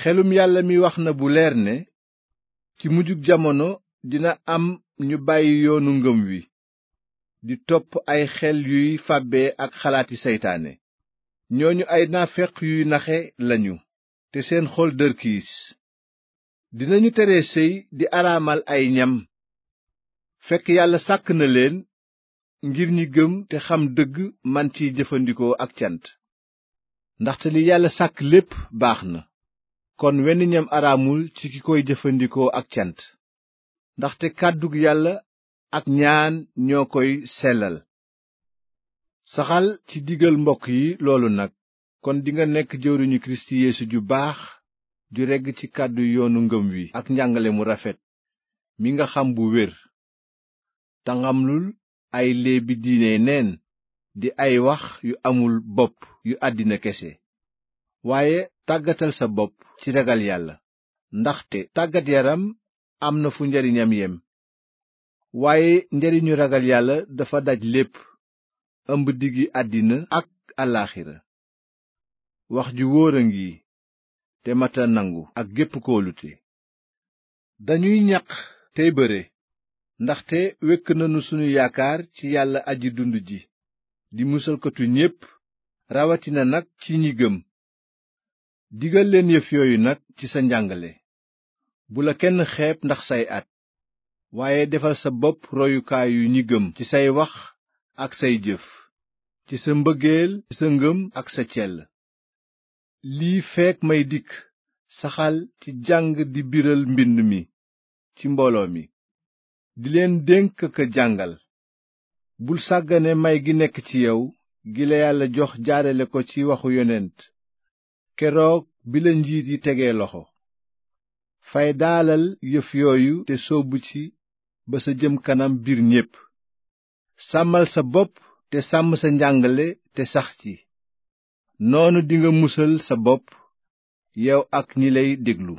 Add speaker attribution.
Speaker 1: xelum yàlla mi wax na bu leer ne ci mujjug jamono dina am ñu bàyyi yoonu ngëm wi di topp ay xel yuy fàbbe ak xalaati seytaane ñooñu ay naafeq yuy naxe lañu te seen xol dërkiis dinañu tere sëy di araamal ay ñam fekk yàlla sàkk na leen ngir ñi gëm te xam dëgg man ciy jëfandikoo ak cant ndaxte li yàlla sàkk lépp baax na kon wenn ñam araamul ci ki koy jëfandikoo ak cant ndaxte kàddu yàlla ak ñaan ñoo koy sellal saxal ci diggal mbokk yi loolu nag kon dinga nekk jëwriñu kirist yeesu ju baax ju regg ci kàddu yoonu ngëm wi ak njàngale mu rafet mi nga xam bu wér tangamlul ay léebi diine neen di ay wax yu amul bopp yu àddina kese waaye tàggatal sa bopp ci ragal yàlla ndaxte tàggat yaram am na fu njariñam yem waaye njariñu ragal yàlla dafa daj lépp ëmb diggi àddina ak alaaxira wax ju wóor a ngi te mata nangu ak gépp kóolute dañuy ñaq tey bëre ndaxte wékk nanu sunu yaakaar ci yàlla aji dund ji di musalkatu ñépp rawatina nag ci ñi gëm digal leen yëf yooyu nag ci sa njàngale bu la kenn xeeb ndax say at waaye defal sa bopp royukaay yu ñi gëm ci say wax ak say jëf ci sa mbëggeel ci sa ngëm ak sa cell lii feek may dikk saxal ci jàng di biral mbind mi ci mbooloo mi di leen dénk ka jàngal bul sàggane may gi nekk ci yow gi la yàlla jox jaarale ko ci waxu yonent keroog bi la njiit yi tegee loxo fay daalal yëf yooyu te sóobu ci ba sa jëm kanam biir ñépp sàmmal sa bopp te sàmm sa njàngale te sax ci noonu dinga musal sa bopp yow ak ñi lay déglu